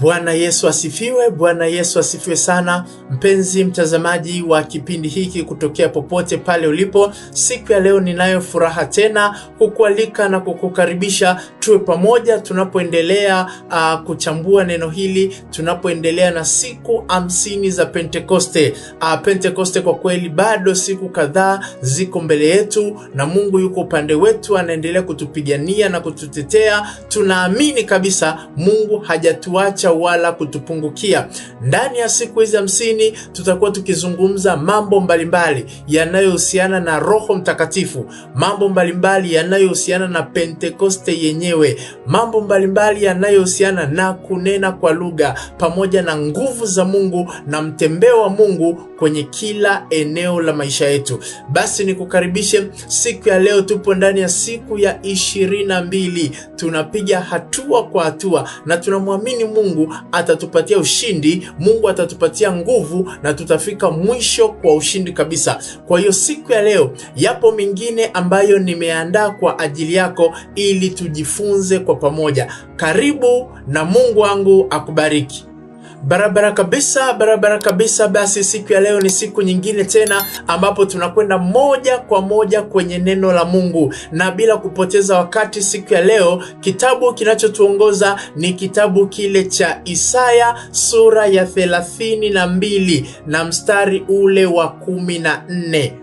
Bwana Yesu asifiwe. Bwana Yesu asifiwe sana, mpenzi mtazamaji wa kipindi hiki kutokea popote pale ulipo. Siku ya leo ninayo furaha tena kukualika na kukukaribisha tuwe pamoja tunapoendelea uh, kuchambua neno hili, tunapoendelea na siku hamsini za Pentekoste. Uh, Pentekoste kwa kweli bado siku kadhaa ziko mbele yetu, na Mungu yuko upande wetu, anaendelea kutupigania na kututetea. Tunaamini kabisa Mungu hajatuacha kutuacha wala kutupungukia. Ndani ya siku hizi hamsini tutakuwa tukizungumza mambo mbalimbali yanayohusiana na Roho Mtakatifu, mambo mbalimbali yanayohusiana na Pentekoste yenyewe, mambo mbalimbali yanayohusiana na kunena kwa lugha pamoja na nguvu za Mungu na mtembeo wa Mungu kwenye kila eneo la maisha yetu. Basi nikukaribishe siku ya leo, tupo ndani ya siku ya ishirini na mbili tunapiga hatua kwa hatua na tunamwamini Mungu Mungu atatupatia ushindi, Mungu atatupatia nguvu na tutafika mwisho kwa ushindi kabisa. Kwa hiyo siku ya leo, yapo mengine ambayo nimeandaa kwa ajili yako ili tujifunze kwa pamoja. Karibu na Mungu wangu akubariki. Barabara kabisa, barabara kabisa. Basi siku ya leo ni siku nyingine tena ambapo tunakwenda moja kwa moja kwenye neno la Mungu, na bila kupoteza wakati, siku ya leo kitabu kinachotuongoza ni kitabu kile cha Isaya sura ya thelathini na mbili na mstari ule wa kumi na nne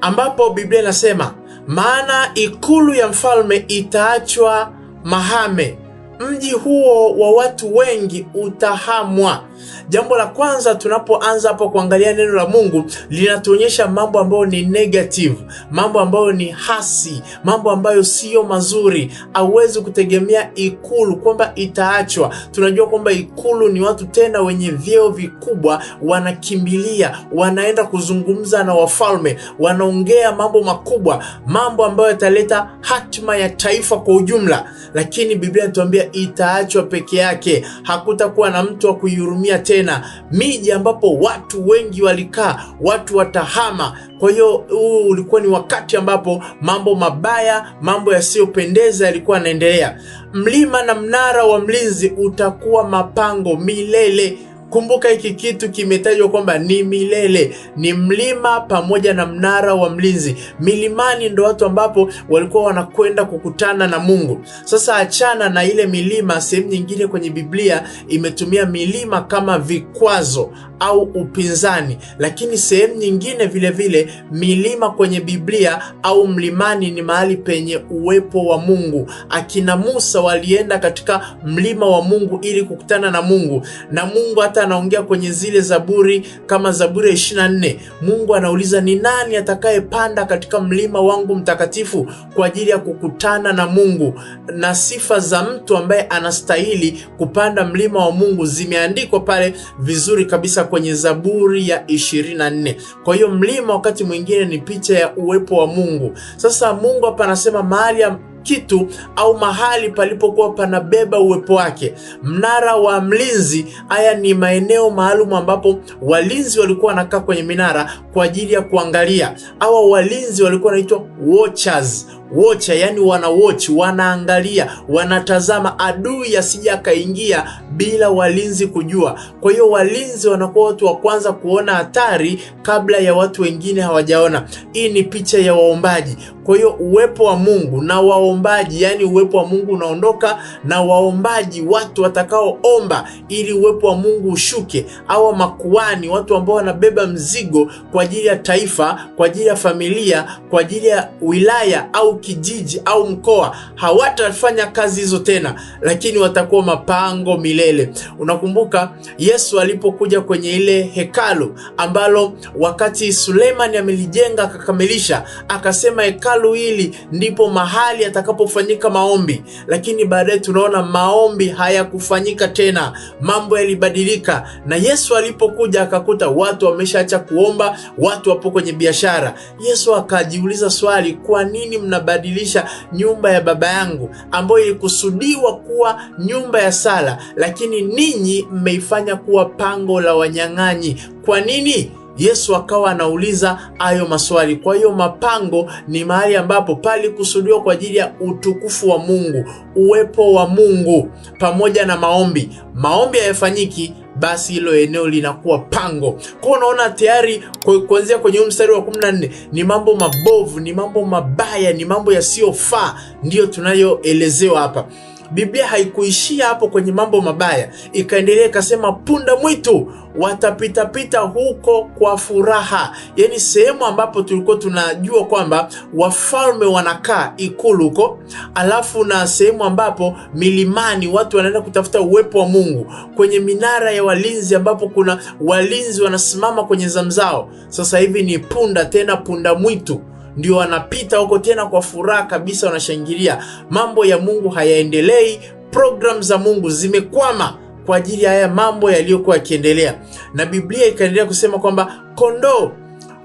ambapo Biblia inasema, maana ikulu ya mfalme itaachwa mahame mji huo wa watu wengi utahamwa. Jambo la kwanza tunapoanza hapo kuangalia neno la Mungu linatuonyesha mambo ambayo ni negative, mambo ambayo ni hasi, mambo ambayo siyo mazuri. Hauwezi kutegemea ikulu kwamba itaachwa. Tunajua kwamba ikulu ni watu tena wenye vyeo vikubwa, wanakimbilia, wanaenda kuzungumza na wafalme, wanaongea mambo makubwa, mambo ambayo yataleta hatima ya taifa kwa ujumla. Lakini Biblia inatuambia itaachwa peke yake, hakutakuwa na mtu wa kuihurumia kutumia tena, miji ambapo watu wengi walikaa, watu watahama. Kwa hiyo huu ulikuwa ni wakati ambapo mambo mabaya, mambo yasiyopendeza yalikuwa yanaendelea. Mlima na mnara wa mlinzi utakuwa mapango milele. Kumbuka hiki kitu kimetajwa kwamba ni milele, ni mlima pamoja na mnara wa mlinzi. Milimani ndo watu ambapo walikuwa wanakwenda kukutana na Mungu. Sasa achana na ile milima, sehemu nyingine kwenye Biblia imetumia milima kama vikwazo au upinzani, lakini sehemu nyingine vile vile milima kwenye Biblia au mlimani ni mahali penye uwepo wa Mungu. Akina Musa walienda katika mlima wa Mungu ili kukutana na Mungu na Mungu hata hata anaongea kwenye zile Zaburi kama Zaburi ya 24. Mungu anauliza ni nani atakayepanda katika mlima wangu mtakatifu kwa ajili ya kukutana na Mungu, na sifa za mtu ambaye anastahili kupanda mlima wa Mungu zimeandikwa pale vizuri kabisa kwenye Zaburi ya 24. Kwa hiyo mlima wakati mwingine ni picha ya uwepo wa Mungu. Sasa Mungu hapa anasema mahali kitu au mahali palipokuwa panabeba uwepo wake. Mnara wa mlinzi, haya ni maeneo maalum ambapo walinzi walikuwa wanakaa kwenye minara kwa ajili ya kuangalia. Hawa walinzi walikuwa wanaitwa watchers wocha, yani wanawochi, wanaangalia, wanatazama adui asija akaingia bila walinzi kujua. Kwa hiyo walinzi wanakuwa watu wa kwanza kuona hatari kabla ya watu wengine hawajaona. Hii ni picha ya waombaji. Kwa hiyo uwepo wa Mungu na waombaji, yani uwepo wa Mungu unaondoka na waombaji, watu watakaoomba ili uwepo wa Mungu ushuke, au makuani, watu ambao wanabeba mzigo kwa ajili ya taifa, kwa ajili ya familia, kwa ajili ya wilaya au kijiji au mkoa hawatafanya kazi hizo tena, lakini watakuwa mapango milele. Unakumbuka Yesu alipokuja kwenye ile hekalu ambalo wakati Sulemani amelijenga akakamilisha, akasema hekalu hili ndipo mahali atakapofanyika maombi, lakini baadaye tunaona maombi hayakufanyika tena, mambo yalibadilika. Na Yesu alipokuja akakuta watu wameshaacha kuomba, watu wapo kwenye biashara. Yesu akajiuliza swali, kwa nini mna nikabadilisha nyumba ya baba yangu ambayo ilikusudiwa kuwa nyumba ya sala, lakini ninyi mmeifanya kuwa pango la wanyang'anyi. Kwa nini? Yesu akawa anauliza hayo maswali. Kwa hiyo mapango ni mahali ambapo palikusudiwa kwa ajili ya utukufu wa Mungu, uwepo wa Mungu pamoja na maombi. Maombi hayafanyiki basi hilo eneo linakuwa pango. Kwa unaona tayari kuanzia kwenye mstari wa 14 ni mambo mabovu, ni mambo mabaya, ni mambo yasiyofaa ndiyo tunayoelezewa hapa. Biblia haikuishia hapo kwenye mambo mabaya, ikaendelea ikasema, punda mwitu watapitapita huko kwa furaha. Yani sehemu ambapo tulikuwa tunajua kwamba wafalme wanakaa ikulu huko, alafu na sehemu ambapo milimani watu wanaenda kutafuta uwepo wa Mungu, kwenye minara ya walinzi ambapo kuna walinzi wanasimama kwenye zamu zao. Sasa hivi ni punda, tena punda mwitu ndio wanapita huko tena kwa furaha kabisa, wanashangilia. Mambo ya Mungu hayaendelei, programu za Mungu zimekwama kwa ajili ya haya mambo yaliyokuwa yakiendelea, na Biblia ikaendelea kusema kwamba kondoo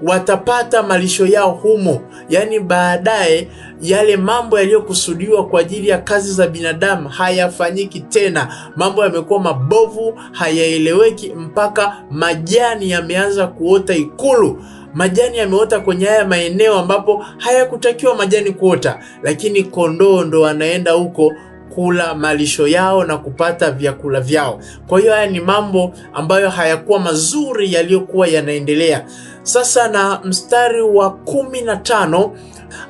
watapata malisho yao humo. Yaani, baadaye yale mambo yaliyokusudiwa kwa ajili ya kazi za binadamu hayafanyiki tena. Mambo yamekuwa mabovu, hayaeleweki, mpaka majani yameanza kuota ikulu Majani yameota kwenye haya maeneo ambapo hayakutakiwa majani kuota, lakini kondoo ndo wanaenda huko kula malisho yao na kupata vyakula vyao. Kwa hiyo haya ni mambo ambayo hayakuwa mazuri yaliyokuwa yanaendelea. Sasa na mstari wa kumi na tano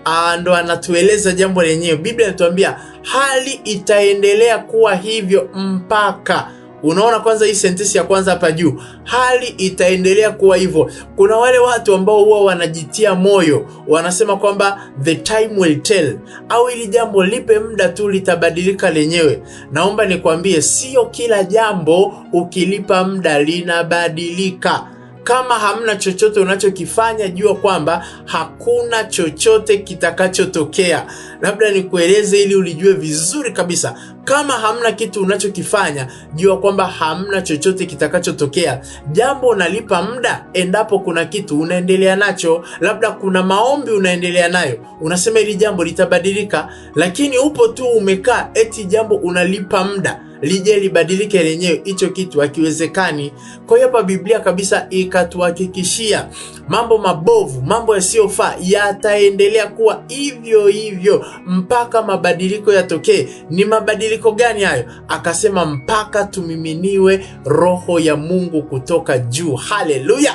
ah, ndo anatueleza jambo lenyewe. Biblia inatuambia hali itaendelea kuwa hivyo mpaka Unaona kwanza hii sentensi ya kwanza hapa juu, hali itaendelea kuwa hivyo. Kuna wale watu ambao huwa wanajitia moyo, wanasema kwamba the time will tell, au ili jambo lipe muda tu, litabadilika lenyewe. Naomba nikwambie, sio kila jambo ukilipa muda linabadilika. Kama hamna chochote unachokifanya, jua kwamba hakuna chochote kitakachotokea. Labda nikueleze ili ulijue vizuri kabisa. Kama hamna kitu unachokifanya, jua kwamba hamna chochote kitakachotokea. Jambo unalipa muda, endapo kuna kitu unaendelea nacho, labda kuna maombi unaendelea nayo, unasema hili jambo litabadilika, lakini upo tu umekaa, eti jambo unalipa muda lije libadilike lenyewe, hicho kitu hakiwezekani. Kwa hiyo hapa Biblia kabisa ikatuhakikishia mambo mabovu, mambo yasiyofaa yataendelea kuwa hivyo hivyo mpaka mabadiliko yatokee. Ni mabadiliko gani hayo? Akasema mpaka tumiminiwe roho ya Mungu kutoka juu. Haleluya!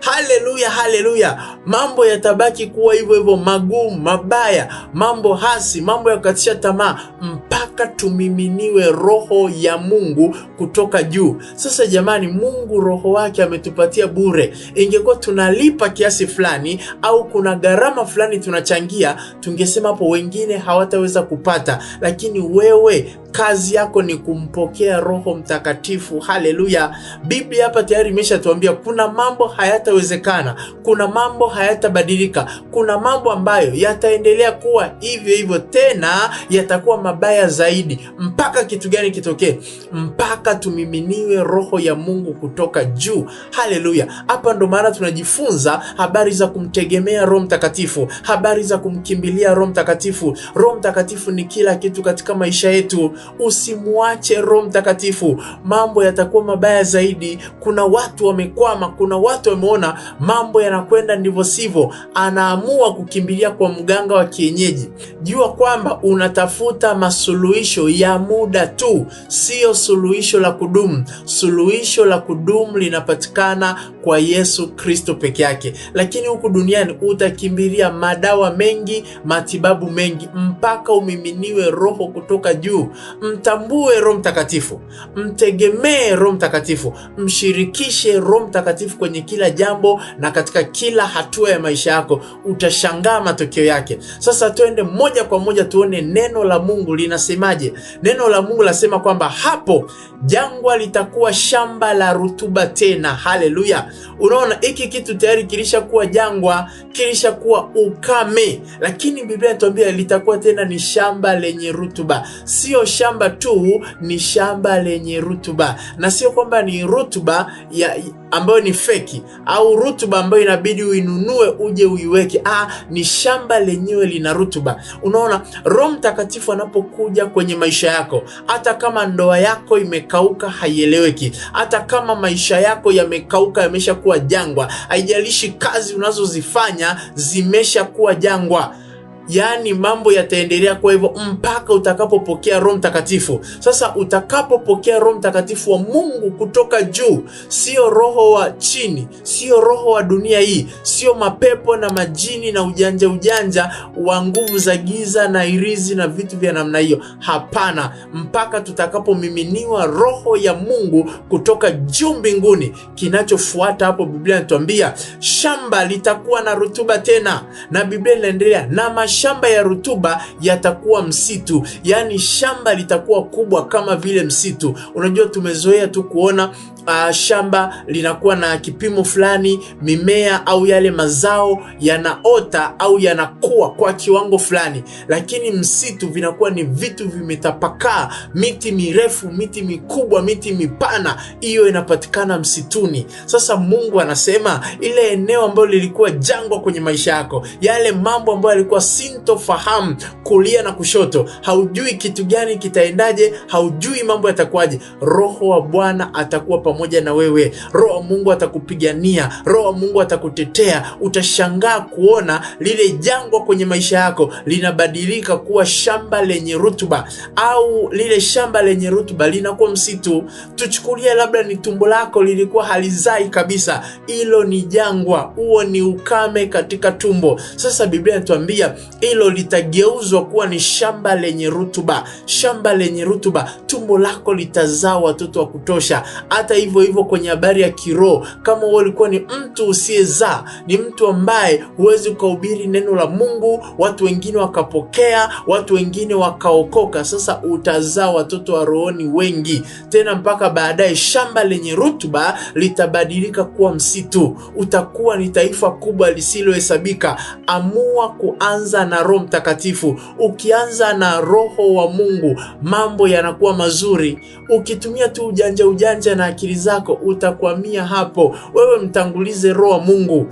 Haleluya, haleluya! Mambo yatabaki kuwa hivyo hivyo, magumu, mabaya, mambo hasi, mambo ya kukatisha tamaa tunataka tumiminiwe roho ya Mungu kutoka juu. Sasa jamani, Mungu roho wake ametupatia bure. Ingekuwa tunalipa kiasi fulani au kuna gharama fulani tunachangia, tungesema hapo wengine hawataweza kupata, lakini wewe Kazi yako ni kumpokea Roho Mtakatifu. Haleluya! Biblia hapa tayari imeshatuambia kuna mambo hayatawezekana, kuna mambo hayatabadilika, kuna mambo ambayo yataendelea kuwa hivyo hivyo, tena yatakuwa mabaya zaidi. Mpaka kitu gani kitokee? Mpaka tumiminiwe Roho ya Mungu kutoka juu. Haleluya! Hapa ndo maana tunajifunza habari za kumtegemea Roho Mtakatifu, habari za kumkimbilia Roho Mtakatifu. Roho Mtakatifu ni kila kitu katika maisha yetu usimwache Roho Mtakatifu, mambo yatakuwa mabaya zaidi. Kuna watu wamekwama, kuna watu wameona mambo yanakwenda ndivyo sivyo, anaamua kukimbilia kwa mganga wa kienyeji. Jua kwamba unatafuta masuluhisho ya muda tu, siyo suluhisho la kudumu. Suluhisho la kudumu linapatikana kwa Yesu Kristo peke yake, lakini huku duniani utakimbilia madawa mengi, matibabu mengi, mpaka umiminiwe roho kutoka juu mtambue Roho Mtakatifu, mtegemee Roho Mtakatifu, mshirikishe Roho Mtakatifu kwenye kila jambo na katika kila hatua ya maisha yako, utashangaa matokeo yake. Sasa tuende moja kwa moja tuone neno la Mungu linasemaje. Neno la Mungu lasema kwamba hapo jangwa litakuwa shamba la rutuba tena. Haleluya! Unaona, hiki kitu tayari kilishakuwa jangwa, kilishakuwa ukame, lakini Biblia inatuambia litakuwa tena ni shamba lenye rutuba, sio shamba tu ni shamba lenye rutuba, na sio kwamba ni rutuba ya ambayo ni feki au rutuba ambayo inabidi uinunue uje uiweke. Ah, ni shamba lenyewe lina rutuba. Unaona, Roho Mtakatifu anapokuja kwenye maisha yako, hata kama ndoa yako imekauka haieleweki, hata kama maisha yako yamekauka yameshakuwa jangwa, haijalishi kazi unazozifanya zimeshakuwa jangwa yaani mambo yataendelea kwa hivyo mpaka utakapopokea Roho Mtakatifu. Sasa utakapopokea Roho Mtakatifu wa Mungu kutoka juu, sio roho wa chini, sio roho wa dunia hii, sio mapepo na majini na ujanja ujanja wa nguvu za giza na irizi na vitu vya namna hiyo. Hapana, mpaka tutakapomiminiwa roho ya Mungu kutoka juu mbinguni. Kinachofuata hapo, Biblia inatuambia shamba litakuwa na rutuba tena, na Biblia inaendelea na mash mashamba ya rutuba yatakuwa msitu, yaani shamba litakuwa kubwa kama vile msitu. Unajua, tumezoea tu kuona Uh, shamba linakuwa na kipimo fulani, mimea au yale mazao yanaota au yanakuwa kwa kiwango fulani, lakini msitu vinakuwa ni vitu vimetapakaa, miti mirefu, miti mikubwa, miti mipana, hiyo inapatikana msituni. Sasa Mungu anasema ile eneo ambalo lilikuwa jangwa kwenye maisha yako, yale mambo ambayo yalikuwa si sintofahamu kulia na kushoto, haujui kitu gani kitaendaje, haujui mambo yatakuwaje. Roho wa Bwana atakuwa pamoja na wewe, Roho wa Mungu atakupigania, Roho wa Mungu atakutetea. Utashangaa kuona lile jangwa kwenye maisha yako linabadilika kuwa shamba lenye rutuba, au lile shamba lenye rutuba linakuwa msitu. Tuchukulie labda ni tumbo lako lilikuwa halizai kabisa, hilo ni jangwa, huo ni ukame katika tumbo. Sasa Biblia inatuambia hilo litageuzwa kuwa ni shamba lenye rutuba, shamba lenye rutuba. Tumbo lako litazaa watoto wa kutosha. Hata hivyo hivyo kwenye habari ya kiroho, kama wewe ulikuwa ni mtu usiyezaa, ni mtu ambaye huwezi ukahubiri neno la Mungu, watu wengine wakapokea, watu wengine wakaokoka, sasa utazaa watoto wa rohoni wengi tena, mpaka baadaye shamba lenye rutuba litabadilika kuwa msitu. Utakuwa ni taifa kubwa lisilohesabika. Amua kuanza na Roho Mtakatifu, ukianza na Roho wa Mungu, mambo yanakuwa mazuri. Ukitumia tu ujanja ujanja na akili zako utakwamia hapo. Wewe mtangulize Roho wa Mungu,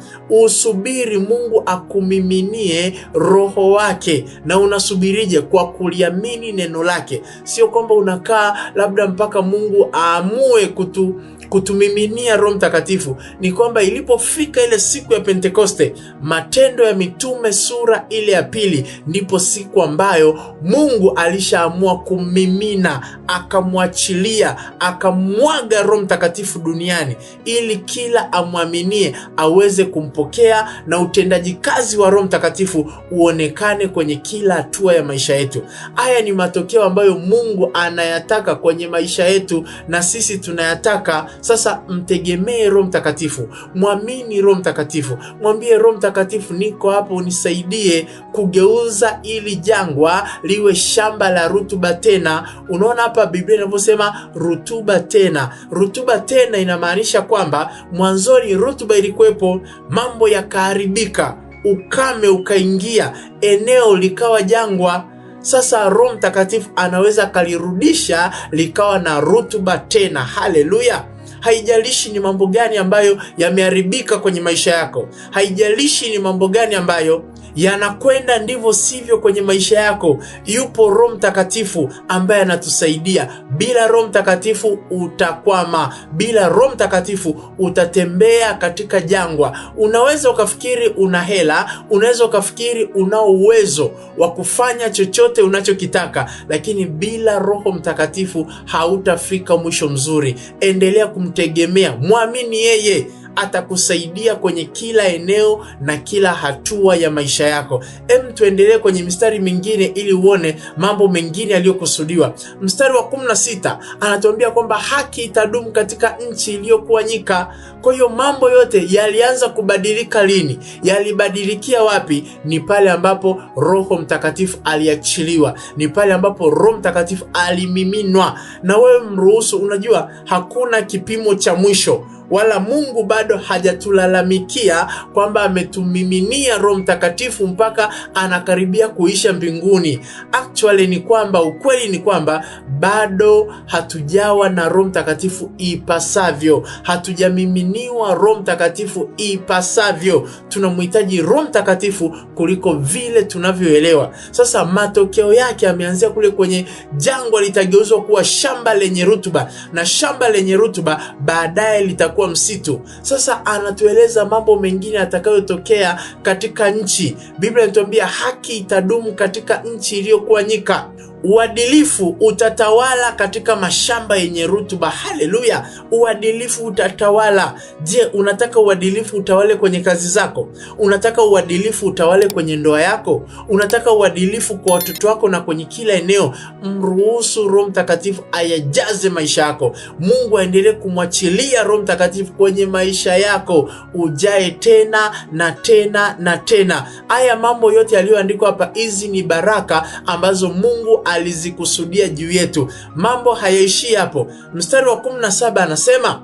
usubiri Mungu akumiminie Roho wake. Na unasubirije? Kwa kuliamini neno lake, sio kwamba unakaa labda mpaka Mungu aamue kutu kutumiminia Roho Mtakatifu ni kwamba ilipofika ile siku ya Pentekoste, Matendo ya Mitume sura ile ya pili, ndipo siku ambayo Mungu alishaamua kumimina akamwachilia, akamwaga Roho Mtakatifu duniani ili kila amwaminie aweze kumpokea na utendaji kazi wa Roho Mtakatifu uonekane kwenye kila hatua ya maisha yetu. Haya ni matokeo ambayo Mungu anayataka kwenye maisha yetu na sisi tunayataka sasa mtegemee Roho Mtakatifu, mwamini Roho Mtakatifu, mwambie Roho Mtakatifu, niko hapo, unisaidie kugeuza ili jangwa liwe shamba la rutuba tena. Unaona hapa Biblia inavyosema rutuba tena. Rutuba tena inamaanisha kwamba mwanzoni rutuba ilikuwepo, mambo yakaharibika, ukame ukaingia, eneo likawa jangwa. Sasa Roho Mtakatifu anaweza akalirudisha likawa na rutuba tena. Haleluya! Haijalishi ni mambo gani ambayo yameharibika kwenye maisha yako, haijalishi ni mambo gani ambayo yanakwenda ndivyo sivyo kwenye maisha yako, yupo Roho Mtakatifu ambaye anatusaidia. Bila Roho Mtakatifu utakwama, bila Roho Mtakatifu utatembea katika jangwa. Unaweza ukafikiri una hela, unaweza ukafikiri unao uwezo wa kufanya chochote unachokitaka, lakini bila Roho Mtakatifu hautafika mwisho mzuri. Endelea kumtegemea, mwamini yeye atakusaidia kwenye kila eneo na kila hatua ya maisha yako. Em, tuendelee kwenye mistari mingine ili uone mambo mengine yaliyokusudiwa. Mstari wa sita anatuambia kwamba haki itadumu katika nchi iliyokuwa nyika. Kwa hiyo mambo yote yalianza kubadilika lini? Yalibadilikia wapi? Ni pale ambapo Roho Mtakatifu aliachiliwa, ni pale ambapo Roho Mtakatifu alimiminwa. Na wewe mruhusu, unajua hakuna kipimo cha mwisho wala Mungu bado hajatulalamikia kwamba ametumiminia Roho Mtakatifu mpaka anakaribia kuisha mbinguni. Actually ni kwamba ukweli ni kwamba bado hatujawa na Roho Mtakatifu ipasavyo, hatujamiminiwa Roho Mtakatifu ipasavyo. Tunamhitaji Roho Mtakatifu kuliko vile tunavyoelewa. Sasa matokeo yake ameanzia kule kwenye jangwa, litageuzwa kuwa shamba lenye rutuba, na shamba lenye rutuba baadaye litakuwa itakuwa msitu. Sasa anatueleza mambo mengine atakayotokea katika nchi. Biblia inatuambia haki itadumu katika nchi iliyokuwa nyika. Uadilifu utatawala katika mashamba yenye rutuba. Haleluya! Uadilifu utatawala. Je, unataka uadilifu utawale kwenye kazi zako? Unataka uadilifu utawale kwenye ndoa yako? Unataka uadilifu kwa watoto wako na kwenye kila eneo? Mruhusu Roho Mtakatifu ayajaze maisha yako. Mungu aendelee kumwachilia Roho Mtakatifu kwenye maisha yako, ujae tena na tena na tena. Haya mambo yote yaliyoandikwa hapa, hizi ni baraka ambazo Mungu alizikusudia juu yetu. Mambo hayaishii hapo. Mstari wa 17 anasema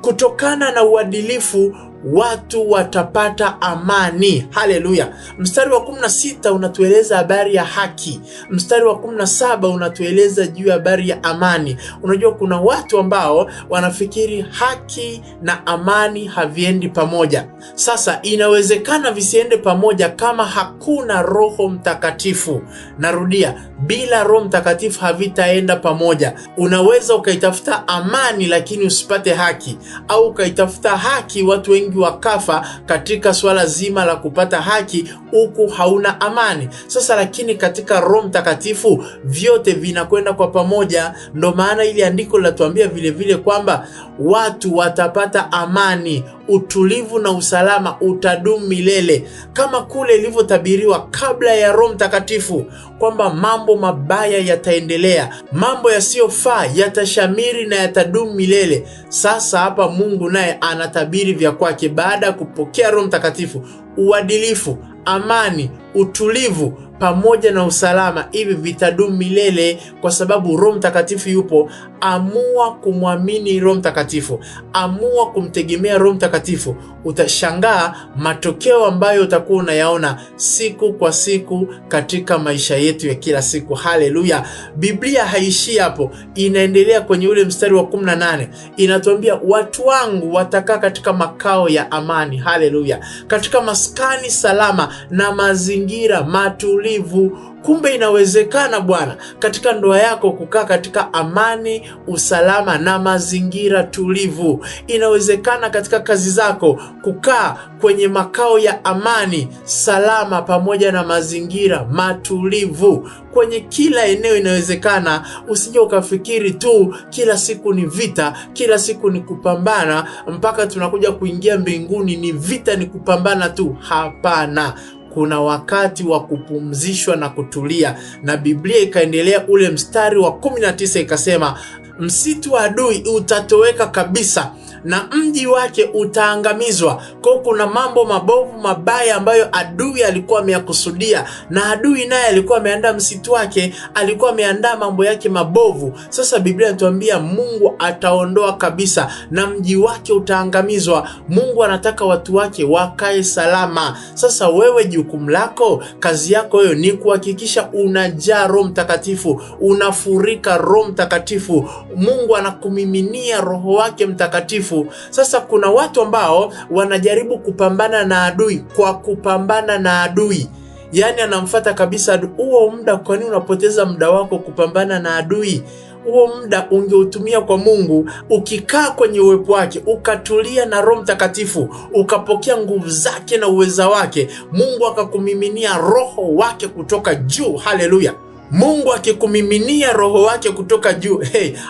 kutokana na uadilifu watu watapata amani. Haleluya! Mstari wa 16 unatueleza habari ya haki, mstari wa 17 unatueleza juu ya habari ya amani. Unajua, kuna watu ambao wanafikiri haki na amani haviendi pamoja. Sasa inawezekana visiende pamoja kama hakuna Roho Mtakatifu. Narudia, bila Roho Mtakatifu havitaenda pamoja. Unaweza ukaitafuta amani lakini usipate haki, au ukaitafuta haki watu wengi wengi wakafa katika swala zima la kupata haki, huku hauna amani. Sasa lakini katika Roho Mtakatifu vyote vinakwenda kwa pamoja. Ndo maana ili andiko linatuambia vilevile kwamba watu watapata amani utulivu na usalama utadumu milele, kama kule ilivyotabiriwa kabla ya Roho Mtakatifu kwamba mambo mabaya yataendelea, mambo yasiyofaa yatashamiri na yatadumu milele. Sasa hapa Mungu naye anatabiri vya kwake baada ya kupokea Roho Mtakatifu: uadilifu, amani utulivu pamoja na usalama. Hivi vitadumu milele kwa sababu Roho Mtakatifu yupo. Amua kumwamini Roho Mtakatifu, amua kumtegemea Roho Mtakatifu. Utashangaa matokeo ambayo utakuwa unayaona siku kwa siku katika maisha yetu ya kila siku. Haleluya! Biblia haishii hapo, inaendelea kwenye ule mstari wa 18 inatuambia, watu wangu watakaa katika makao ya amani. Haleluya! katika maskani salama na mazingira mazingira matulivu. Kumbe inawezekana bwana, katika ndoa yako kukaa katika amani, usalama na mazingira tulivu. Inawezekana katika kazi zako kukaa kwenye makao ya amani, salama pamoja na mazingira matulivu. Kwenye kila eneo inawezekana. Usije ukafikiri tu kila siku ni vita, kila siku ni kupambana mpaka tunakuja kuingia mbinguni, ni vita ni kupambana tu. Hapana kuna wakati wa kupumzishwa na kutulia, na Biblia ikaendelea ule mstari wa 19 ikasema, msitu wa adui utatoweka kabisa na mji wake utaangamizwa. Kwa kuna mambo mabovu mabaya ambayo adui alikuwa ameyakusudia, na adui naye alikuwa ameandaa msitu wake, alikuwa ameandaa mambo yake mabovu. Sasa Biblia inatuambia Mungu ataondoa kabisa na mji wake utaangamizwa. Mungu anataka watu wake wakae salama. Sasa wewe, jukumu lako, kazi yako hiyo ni kuhakikisha unajaa Roho Mtakatifu, unafurika Roho Mtakatifu. Mungu anakumiminia Roho wake Mtakatifu mtakatifu. Sasa kuna watu ambao wanajaribu kupambana na adui kwa kupambana na adui, yaani anamfata kabisa adui. Huo muda, kwa nini unapoteza muda wako kupambana na adui? Huo muda ungeutumia kwa Mungu, ukikaa kwenye uwepo wake, ukatulia na Roho Mtakatifu, ukapokea nguvu zake na uweza wake, Mungu akakumiminia Roho wake kutoka juu. Haleluya! Mungu akikumiminia roho wake kutoka juu,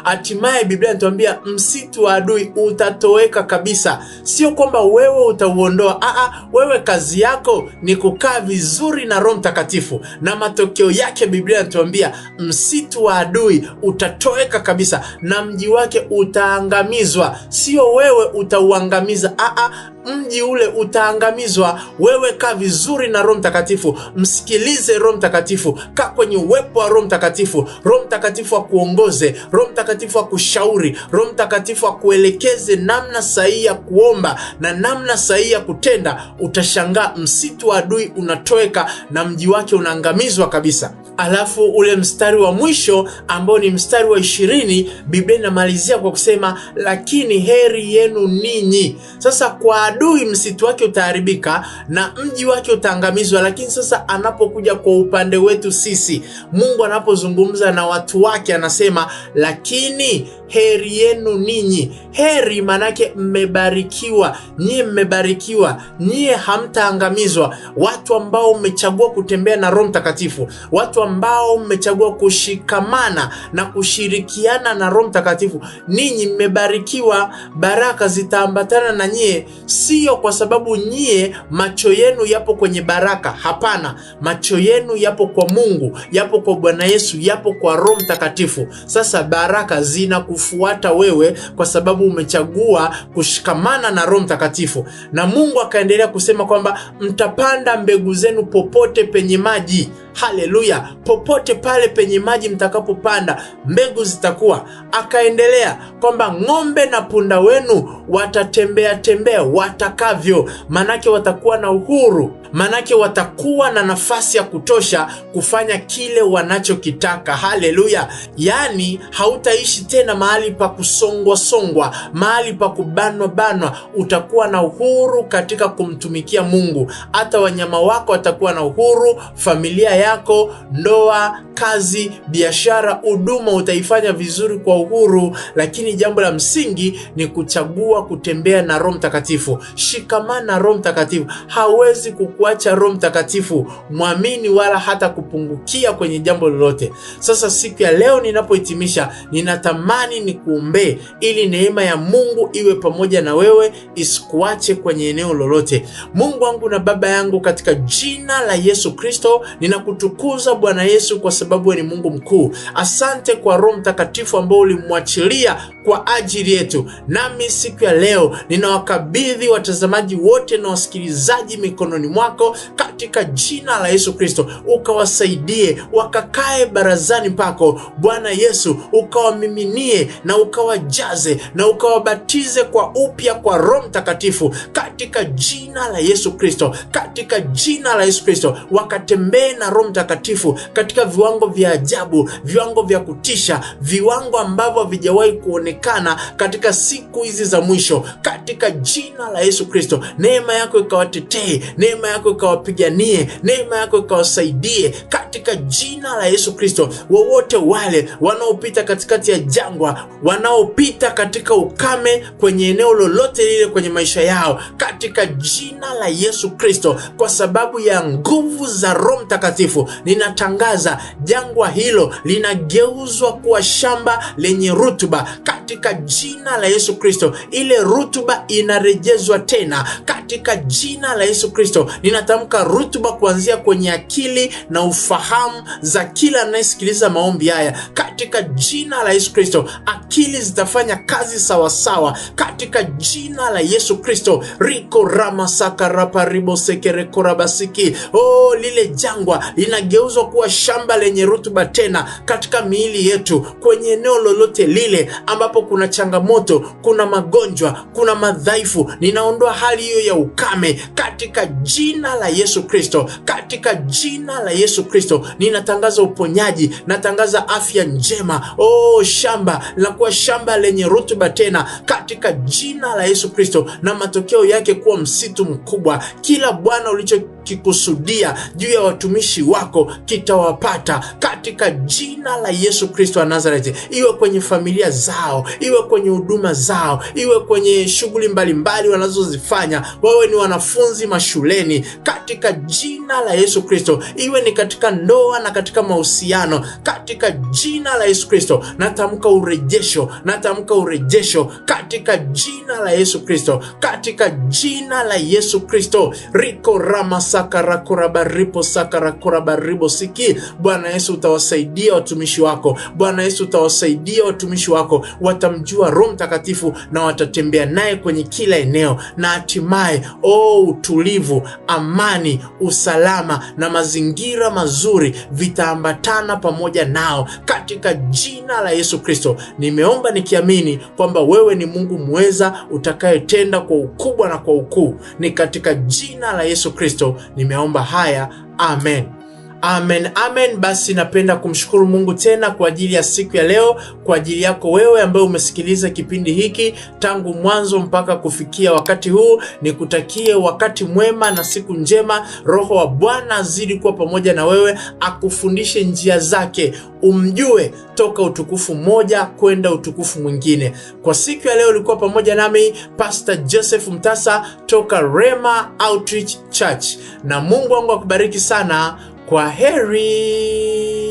hatimaye Biblia inatuambia msitu wa adui utatoweka kabisa. Sio kwamba wewe utauondoa, aa, wewe kazi yako ni kukaa vizuri na Roho Mtakatifu, na matokeo yake Biblia inatuambia msitu wa adui utatoweka kabisa na mji wake utaangamizwa. Sio wewe utauangamiza, aa, mji ule utaangamizwa. Wewe kaa vizuri na Roho Mtakatifu, msikilize Roho Mtakatifu, kaa kwenye uwepo uwepo wa Roho Mtakatifu, Roho Mtakatifu akuongoze, Roho Mtakatifu akushauri, Roho Mtakatifu akuelekeze namna sahihi ya kuomba na namna sahihi ya kutenda. Utashangaa msitu wa adui unatoweka na mji wake unaangamizwa kabisa. Alafu ule mstari wa mwisho ambao ni mstari wa ishirini, Biblia inamalizia kwa kusema lakini heri yenu ninyi. Sasa kwa adui msitu wake utaharibika na mji wake utaangamizwa, lakini sasa anapokuja kwa upande wetu sisi Mungu anapozungumza na watu wake anasema, lakini heri yenu ninyi. Heri manake mmebarikiwa, nyie mmebarikiwa, nyie hamtaangamizwa. Watu ambao mmechagua kutembea na Roho Mtakatifu, watu ambao mmechagua kushikamana na kushirikiana na Roho Mtakatifu, ninyi mmebarikiwa. Baraka zitaambatana na nyie, sio kwa sababu nyie macho yenu yapo kwenye baraka. Hapana, macho yenu yapo kwa Mungu, yapo kwa Bwana Yesu yapo kwa Roho Mtakatifu. Sasa baraka zinakufuata wewe kwa sababu umechagua kushikamana na Roho Mtakatifu. Na Mungu akaendelea kusema kwamba mtapanda mbegu zenu popote penye maji. Haleluya! Popote pale penye maji mtakapopanda, mbegu zitakuwa. Akaendelea kwamba ng'ombe na punda wenu watatembea tembea watakavyo, manake watakuwa na uhuru, manake watakuwa na nafasi ya kutosha kufanya kile wanachokitaka. Haleluya! Yaani hautaishi tena mahali pa kusongwa songwa, mahali pa kubanwa banwa. Utakuwa na uhuru katika kumtumikia Mungu. Hata wanyama wako watakuwa na uhuru, familia ya yako, ndoa, kazi, biashara, huduma utaifanya vizuri kwa uhuru, lakini jambo la msingi ni kuchagua kutembea na Roho Mtakatifu. Shikamana na Roho Mtakatifu, hawezi kukuacha Roho Mtakatifu, mwamini, wala hata kupungukia kwenye jambo lolote. Sasa siku ya leo ninapohitimisha, ninatamani nikuombee ili neema ya Mungu iwe pamoja na wewe, isikuache kwenye eneo lolote. Mungu wangu na Baba yangu, katika jina la Yesu Kristo ninaku kukutukuza Bwana Yesu kwa sababu ni Mungu mkuu. Asante kwa Roho Mtakatifu ambao ulimwachilia kwa ajili yetu. Nami siku ya leo ninawakabidhi watazamaji wote na wasikilizaji mikononi mwako katika jina la Yesu Kristo, ukawasaidie wakakae barazani pako Bwana Yesu, ukawamiminie na ukawajaze na ukawabatize kwa upya kwa Roho Mtakatifu katika jina la Yesu Kristo, katika jina la Yesu Kristo, wakatembee na Roho Mtakatifu katika viwango vya ajabu, viwango vya kutisha, viwango ambavyo havijawahi kuonekana katika siku hizi za mwisho, katika jina la Yesu Kristo. Neema yako ikawatetee, neema yako ikawapiganie, neema yako ikawasaidie katika jina la Yesu Kristo. Wowote wale wanaopita katikati ya jangwa, wanaopita katika ukame, kwenye eneo lolote lile kwenye maisha yao, katika jina la Yesu Kristo, kwa sababu ya nguvu za Roho Mtakatifu Mtakatifu, ninatangaza jangwa hilo linageuzwa kuwa shamba lenye rutuba katika jina la Yesu Kristo. Ile rutuba inarejezwa tena katika jina la Yesu Kristo. Ninatamka rutuba kuanzia kwenye akili na ufahamu za kila anayesikiliza maombi haya katika jina la Yesu Kristo. Akili zitafanya kazi sawasawa katika jina la Yesu Kristo. riko ramasaka raparibo sekerekorabasiki. Oh, lile jangwa linageuzwa kuwa shamba lenye rutuba tena katika miili yetu, kwenye eneo lolote lile ambapo kuna changamoto, kuna magonjwa, kuna madhaifu, ninaondoa hali hiyo ya ukame katika jina la Yesu Kristo. Katika jina la Yesu Kristo ninatangaza uponyaji, natangaza afya njema. Oh, shamba la kuwa shamba lenye rutuba tena katika jina la Yesu Kristo, na matokeo yake kuwa msitu mkubwa. Kila Bwana ulicho unachokikusudia juu ya watumishi wako kitawapata katika jina la Yesu Kristo wa Nazareti, iwe kwenye familia zao, iwe kwenye huduma zao, iwe kwenye shughuli mbalimbali wanazozifanya, wawe ni wanafunzi mashuleni, katika jina la Yesu Kristo, iwe ni katika ndoa na katika mahusiano, katika jina la Yesu Kristo. Natamka urejesho, natamka urejesho katika jina la Yesu Kristo, katika jina la Yesu Kristo. riko ramasa sakarakorabaripo sakarakorabaribo siki Bwana Yesu, utawasaidia watumishi wako. Bwana Yesu, utawasaidia watumishi wako, watamjua Roho Mtakatifu na watatembea naye kwenye kila eneo, na hatimaye o oh, utulivu, amani, usalama na mazingira mazuri vitaambatana pamoja nao katika jina la Yesu Kristo. Nimeomba nikiamini kwamba wewe ni Mungu mweza utakayetenda kwa ukubwa na kwa ukuu, ni katika jina la Yesu Kristo nimeomba haya, amen. Amen, amen. Basi napenda kumshukuru Mungu tena kwa ajili ya siku ya leo, kwa ajili yako wewe ambaye umesikiliza kipindi hiki tangu mwanzo mpaka kufikia wakati huu. Nikutakie wakati mwema na siku njema. Roho wa Bwana azidi kuwa pamoja na wewe, akufundishe njia zake, umjue toka utukufu mmoja kwenda utukufu mwingine. Kwa siku ya leo ulikuwa pamoja nami Pastor Joseph Mtasa toka Rema Outreach Church, na Mungu wangu akubariki sana. Kwa heri.